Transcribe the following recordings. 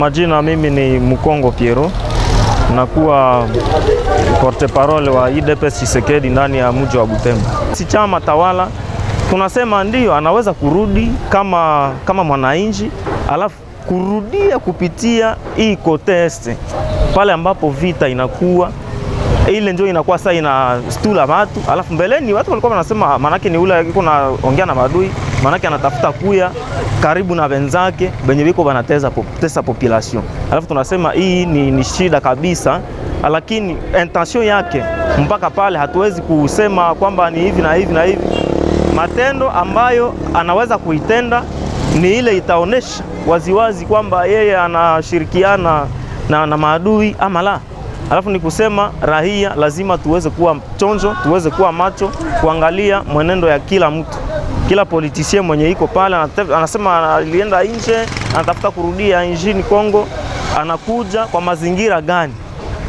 Majina, mimi ni Mukongo Piero, nakuwa porte parole wa UDPS chisekedi ndani ya mji wa Butembo. Si chama tawala, tunasema ndiyo anaweza kurudi kama, kama mwananchi, alafu kurudia kupitia hii koteste pale ambapo vita inakuwa Eh, ile njoo inakuwa sasa ina stula watu. Alafu mbeleni watu walikuwa wanasema manake ni ule yuko ongea na madui, manake anatafuta kuya karibu na wenzake benye wiko wanateza tesa population. Alafu tunasema hii ni, ni shida kabisa, lakini intention yake mpaka pale hatuwezi kusema kwamba ni hivi na hivi na hivi. Matendo ambayo anaweza kuitenda ni ile itaonesha waziwazi kwamba yeye anashirikiana na, na maadui ama la. Alafu ni kusema raia lazima tuweze kuwa chonjo, tuweze kuwa macho kuangalia mwenendo ya kila mtu, kila politisie mwenye iko pale anasema alienda nje, anatafuta kurudia nchini Kongo, anakuja kwa mazingira gani?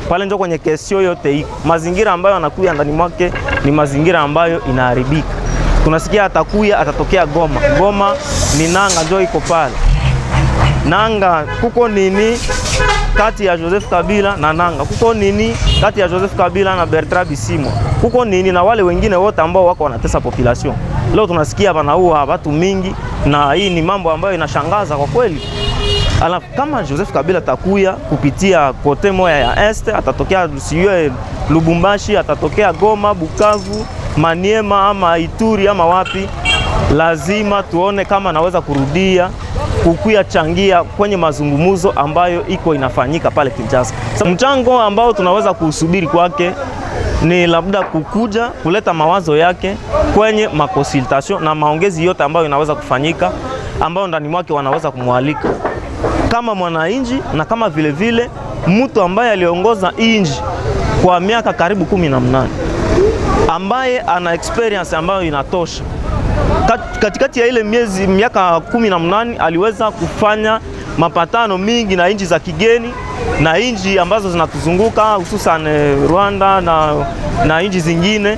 Pale ndio kwenye kesio yote iko mazingira ambayo anakuya ndani mwake ni mazingira ambayo inaharibika. Tunasikia atakuya atatokea Goma. Goma ni nanga ndio iko pale, nanga kuko nini kati ya Joseph Kabila na Nanga, kuko nini kati ya Joseph Kabila na Bertrand Bisimwa, kuko nini na wale wengine wote ambao wako wanatesa population. Leo tunasikia wanaua watu mingi, na hii ni mambo ambayo inashangaza kwa kweli. Ala, kama Joseph Kabila atakuya kupitia kote moya ya este, atatokea siwe Lubumbashi, atatokea Goma, Bukavu, Maniema ama Ituri ama wapi, lazima tuone kama anaweza kurudia kukuyachangia kwenye mazungumzo ambayo iko inafanyika pale Kinshasa. Mchango ambao tunaweza kuusubiri kwake ni labda kukuja kuleta mawazo yake kwenye makonsultation na maongezi yote ambayo inaweza kufanyika ambayo ndani mwake wanaweza kumwalika kama mwananchi na kama vilevile mtu ambaye aliongoza inji kwa miaka karibu kumi na mnane ambaye ana experience ambayo inatosha katikati ya ile miezi miaka kumi na mnani aliweza kufanya mapatano mingi na nchi za kigeni na nchi ambazo zinatuzunguka hususan eh, Rwanda na, na nchi zingine,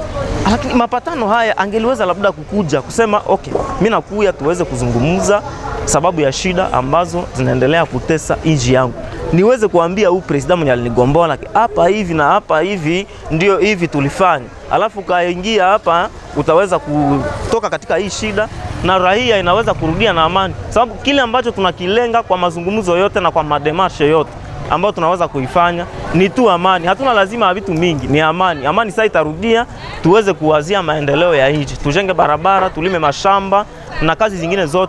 lakini mapatano haya angeliweza labda kukuja kusema okay, mimi nakuya tuweze kuzungumza sababu ya shida ambazo zinaendelea kutesa nchi yangu niweze kuambia huyu presida mwenye na hapa hivi na hapa hivi, ndio hivi tulifanya, alafu kaingia hapa, utaweza kutoka katika hii shida na raia inaweza kurudia na amani, sababu kile ambacho tunakilenga kwa mazungumzo yote na kwa mademarshe yote ambayo tunaweza kuifanya ni tu amani. Hatuna lazima ya vitu mingi, ni amani. Amani sasa itarudia, tuweze kuwazia maendeleo ya nchi, tujenge barabara, tulime mashamba na kazi zingine zote.